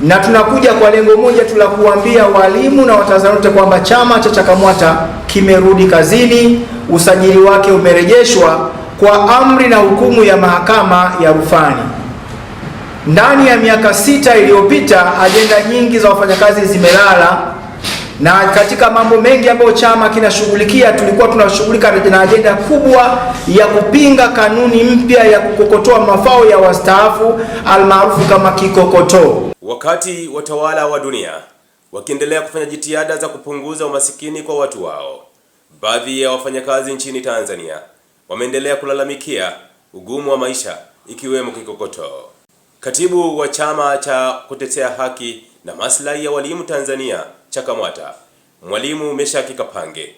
na tunakuja kwa lengo moja tu la kuambia walimu na Watanzania wote kwamba chama cha CHAKAMWATA kimerudi kazini, usajili wake umerejeshwa kwa amri na hukumu ya mahakama ya rufani. Ndani ya miaka sita iliyopita, ajenda nyingi za wafanyakazi zimelala, na katika mambo mengi ambayo chama kinashughulikia, tulikuwa tunashughulika na ajenda kubwa ya kupinga kanuni mpya ya kukokotoa mafao ya wastaafu almaarufu kama kikokotoo. Wakati watawala wa dunia wakiendelea kufanya jitihada za kupunguza umasikini kwa watu wao, baadhi ya wafanyakazi nchini Tanzania wameendelea kulalamikia ugumu wa maisha ikiwemo kikokotoo. Katibu wa chama cha kutetea haki na maslahi ya walimu Tanzania CHAKAMWATA, Mwalimu Meshaki Kapange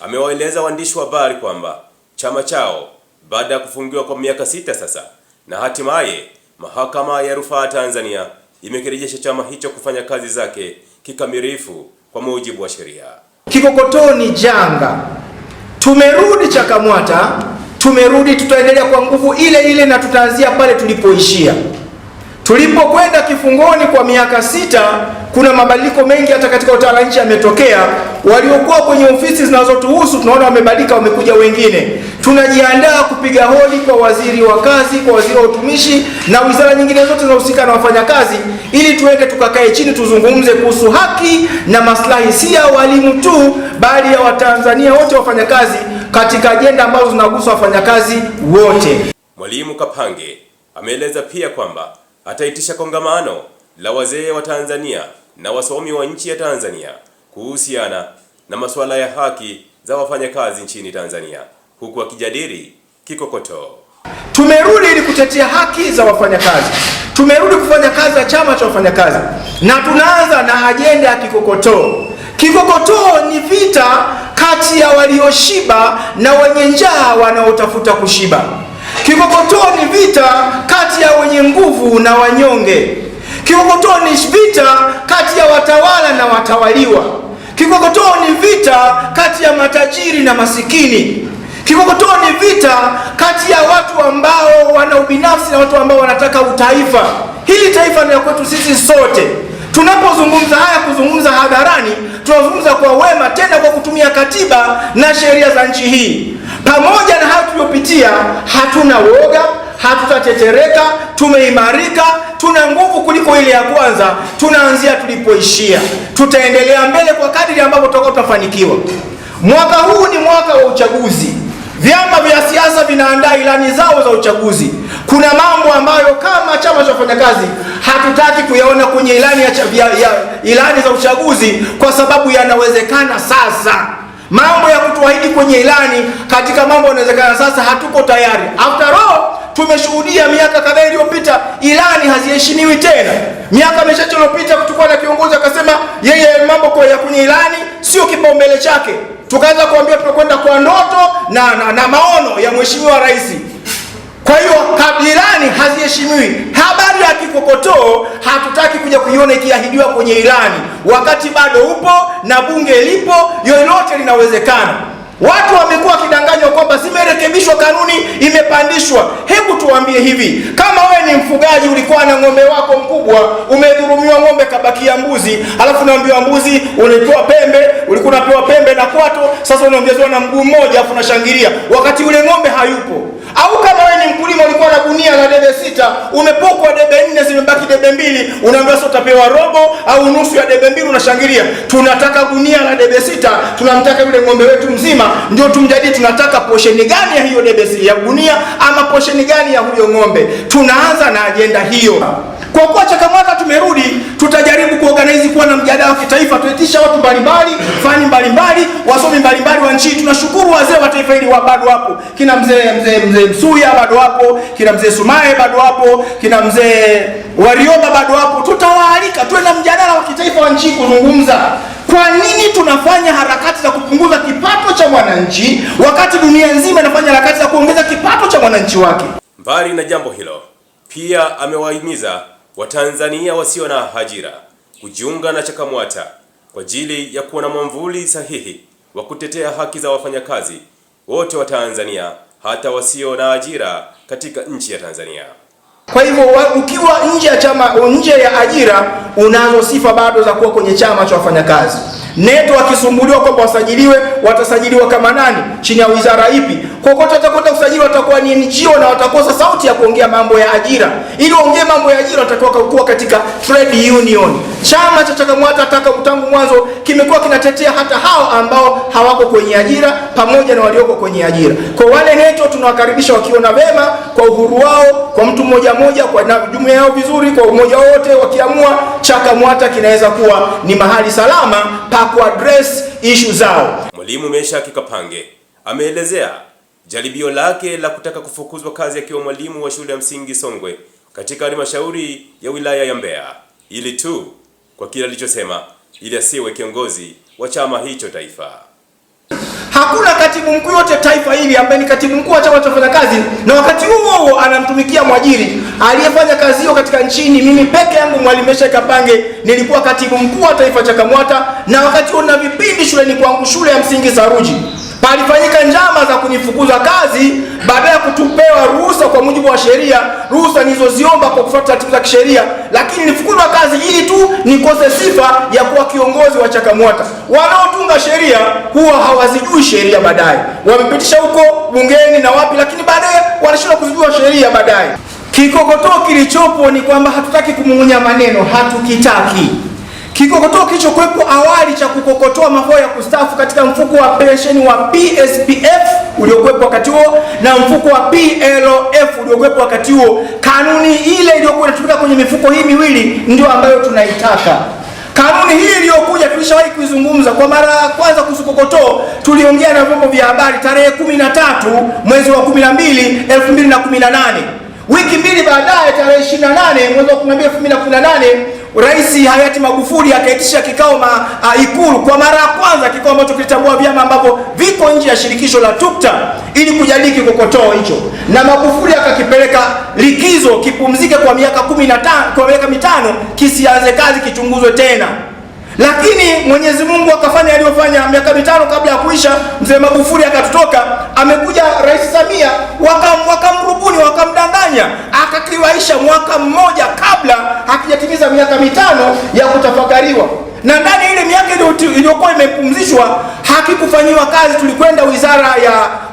amewaeleza waandishi wa habari kwamba chama chao baada ya kufungiwa kwa miaka sita sasa na hatimaye mahakama ya rufaa Tanzania imekirejesha chama hicho kufanya kazi zake kikamilifu kwa mujibu wa sheria. Kikokotoni janga, tumerudi CHAKAMWATA, tumerudi, tutaendelea kwa nguvu ile ile na tutaanzia pale tulipoishia. Tulipokwenda kifungoni kwa miaka sita, kuna mabadiliko mengi hata katika utawala nchi yametokea. Waliokuwa kwenye ofisi zinazotuhusu tunaona wamebadilika, wamekuja wengine. Tunajiandaa kupiga hodi kwa waziri wa kazi, kwa waziri wa utumishi na wizara nyingine zote zinahusika na wafanyakazi, ili tuende tukakae chini tuzungumze kuhusu haki na maslahi, si ya walimu tu, bali ya Watanzania wote wafanyakazi, katika ajenda ambazo zinagusa wafanyakazi wote. Mwalimu Kapange ameeleza pia kwamba ataitisha kongamano la wazee wa Tanzania na wasomi wa nchi ya Tanzania kuhusiana na masuala ya haki za wafanyakazi nchini Tanzania, huku akijadili kikokotoo. Tumerudi ili kutetea haki za wafanyakazi, tumerudi kufanya kazi ya chama cha wafanyakazi, na tunaanza na ajenda ya kikokotoo. Kikokotoo ni vita kati ya walioshiba na wenye njaa wanaotafuta kushiba. Kikokotoo ni vita kati ya wenye nguvu na wanyonge. Kikokotoo ni vita kati ya watawala na watawaliwa. Kikokotoo ni vita kati ya matajiri na masikini. Kikokotoo ni vita kati ya watu ambao wana ubinafsi na watu ambao wanataka utaifa. Hili taifa ni kwetu sisi sote. Tunapozungumza haya, kuzungumza hadharani, tunazungumza kwa wema, tena kwa kutumia katiba na sheria za nchi hii. Pamoja na hayo tuliyopitia, hatuna woga, hatutatetereka, tumeimarika, tuna nguvu kuliko ile ya kwanza. Tunaanzia tulipoishia, tutaendelea mbele kwa kadri ambavyo tutakuwa tutafanikiwa. Mwaka huu ni mwaka wa uchaguzi. Vyama vya siasa vinaandaa ilani zao za uchaguzi. Kuna mambo ambayo kama chama cha wafanyakazi hatutaki kuyaona kwenye ilani, ya, ya, ya, ilani za uchaguzi kwa sababu yanawezekana sasa Mambo ya kutuahidi kwenye ilani katika mambo yanawezekana sasa hatuko tayari. After all tumeshuhudia miaka kadhaa iliyopita ilani haziheshimiwi tena. Miaka michache iliyopita kutukua na kiongozi akasema yeye mambo kwa ya kwenye ilani sio kipaumbele chake, tukaanza kuambia tunakwenda kwa ndoto na, na, na maono ya mheshimiwa rais haziheshimiwi. Habari ya kikokotoo hatutaki kuja kuiona ikiahidiwa kwenye ilani, wakati bado upo na bunge lipo, yoyote linawezekana. Watu wamekuwa wakidanganywa kwamba zimerekebishwa kanuni, imepandishwa. Hebu tuwaambie hivi, kama wewe ni mfugaji, ulikuwa na ng'ombe wako mkubwa, umedhulumiwa, ng'ombe kabakia mbuzi, alafu unaambiwa mbuzi ulipewa pembe, ulikuwa unapewa pembe na kwato, sasa unaongezewa na mguu mmoja, alafu unashangilia wakati ule ng'ombe hayupo. Au kama wewe ni mkulima, ulikuwa na umepokwa debe zimebaki debe mbili, unaambiwa sasa utapewa robo au nusu ya debe mbili, unashangilia. Tunataka gunia la debe sita, tunamtaka yule ng'ombe wetu mzima, ndio tumjadili, tunataka posheni gani ya hiyo debe sita ya gunia ama posheni gani ya huyo ng'ombe. Tunaanza na ajenda hiyo. Kwa kuwa CHAKAMWATA tumerudi, tutajaribu kuorganize kuwa na mjadala wa kitaifa, tuitisha watu mbalimbali, fani mbalimbali, wasomi mbalimbali wa nchi. Tunashukuru wazee wa taifa hili bado wapo, kina mzee mzee mzee Msuya bado wapo, kina mzee Sumaye bado wapo, kina mzee Warioba bado wapo, tutawaalika tuwe na mjadala wa kitaifa wa nchi kuzungumza kwa nini tunafanya harakati za kupunguza kipato cha mwananchi wakati dunia nzima inafanya harakati za kuongeza kipato cha mwananchi wake. Mbali na jambo hilo, pia amewahimiza Watanzania wasio na ajira kujiunga na CHAKAMWATA kwa ajili ya kuwa na mwamvuli sahihi wa kutetea haki za wafanyakazi wote wa Tanzania hata wasio na ajira katika nchi ya Tanzania. Kwa hivyo ukiwa nje ya chama, nje ya ajira, unazo sifa bado za kuwa kwenye chama cha wafanyakazi. NETO akisumbuliwa kwamba wasajiliwe, watasajiliwa kama nani? Chini ya wizara ipi? Kokote watakwenda kusajiliwa, watakuwa ni NGO na watakosa sauti ya kuongea mambo ya ajira. Ili waongee mambo ya ajira, watakuwa kuwa katika trade union. Chama cha CHAKAMWATA ataka tangu mwanzo kimekuwa kinatetea hata hao ambao hawako kwenye ajira pamoja na walioko kwenye ajira. Kwa wale NETO tunawakaribisha wakiona vema kwa uhuru wao, kwa mtu mmoja mmoja, kwa jumuiya yao vizuri, kwa umoja wote wakiamua, CHAKAMWATA kinaweza kuwa ni mahali salama pa kuaddress issue zao. Mwalimu mesha Kapange ameelezea jaribio lake la kutaka kufukuzwa kazi akiwa mwalimu wa shule ya msingi Songwe katika halmashauri ya wilaya ya Mbeya ili tu kwa kila alichosema ili asiwe kiongozi wa chama hicho taifa. Hakuna katibu mkuu yote taifa hili ambaye ni katibu mkuu wa chama cha wafanyakazi na wakati huo huo anamtumikia mwajiri aliyefanya kazi hiyo katika nchini. Mimi peke yangu Mwalimu Meshack Kapange nilikuwa katibu mkuu wa taifa cha Kamwata, na wakati huo na vipindi shuleni kwangu shule ya msingi Saruji palifanyika njama za kunifukuza kazi baada ya kutupewa ruhusa kwa mujibu wa sheria, ruhusa nilizoziomba kwa kufuata taratibu za kisheria, lakini nilifukuzwa kazi ili tu nikose sifa ya kuwa kiongozi wa CHAKAMWATA. Wanaotunga sheria huwa hawazijui sheria, baadaye wamepitisha huko bungeni na wapi, lakini baadaye wanashindwa kuzijua sheria baadaye. Kikokotoo kilichopo ni kwamba hatutaki kumung'unya maneno, hatukitaki Kikokotoo kilichokuwepo awali cha kukokotoa mafao ya kustaafu katika mfuko wa pensheni wa PSPF uliokuwepo wakati huo na mfuko wa PLF uliokuwepo wakati huo, kanuni ile iliyokuwa inatumika kwenye mifuko hii miwili ndio ambayo tunaitaka. Kanuni hii iliyokuja tulishawahi kuizungumza kwa mara ya kwanza kuhusu kokotoo, tuliongea na vyombo vya habari tarehe 13 mwezi wa 12 2018. Wiki mbili baadaye, tarehe 28 mwezi wa 12 2018 Rais hayati Magufuli akaitisha kikao ma, uh, Ikulu kwa mara ya kwanza, kikao ambacho kilitambua vyama ambavyo viko nje ya shirikisho la TUKTA ili kujadili kikokotoo hicho, na Magufuli akakipeleka likizo kipumzike kwa miaka kumi na tano, kwa miaka mitano kisianze kazi kichunguzwe tena, lakini Mwenyezi Mungu akafanya aliyofanya. Miaka mitano kabla ya kuisha, mzee Magufuli akatutoka, amekuja Rais Samia wakamrubuni, wakam wakamdanganya akakiwaisha mwaka mmoja kabla hakijatimiza miaka mitano ya kutafakariwa, na ndani ile miaka iliyokuwa imepumzishwa hakikufanyiwa kazi. Tulikwenda wizara ya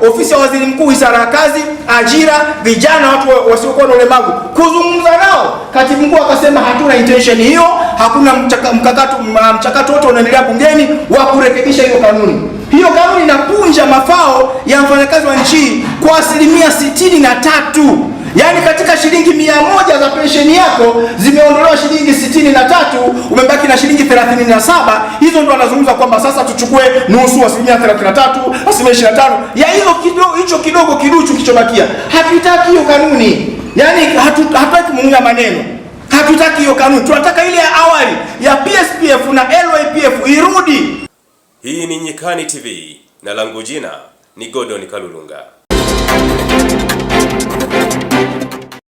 ofisi ya waziri mkuu, wizara ya kazi, ajira, vijana, watu wasiokuwa na ulemavu, kuzungumza nao. Katibu mkuu akasema hatuna intention hiyo, hakuna mchakato mchakato wote unaendelea bungeni wa kurekebisha hiyo kanuni. Hiyo kanuni inapunja mafao ya mfanyakazi wa nchi kwa asilimia sitini na tatu. Yaani katika shilingi mia moja za pensheni yako zimeondolewa shilingi sitini na tatu, umebaki na shilingi thelathini na saba. Hizo ndo anazungumza kwamba sasa tuchukue nusu, asilimia thelathini na tatu, asilimia ishirini na tano ya hilo kidogo, hicho kidogo kiduchu kilichobakia. Hatutaki hiyo kanuni, yaani hatutaki hatu, maneno hatutaki hiyo kanuni, tunataka ile ya awali ya PSPF na LYPF irudi. Hii ni Nyikani TV na langu jina ni Godon Kalulunga.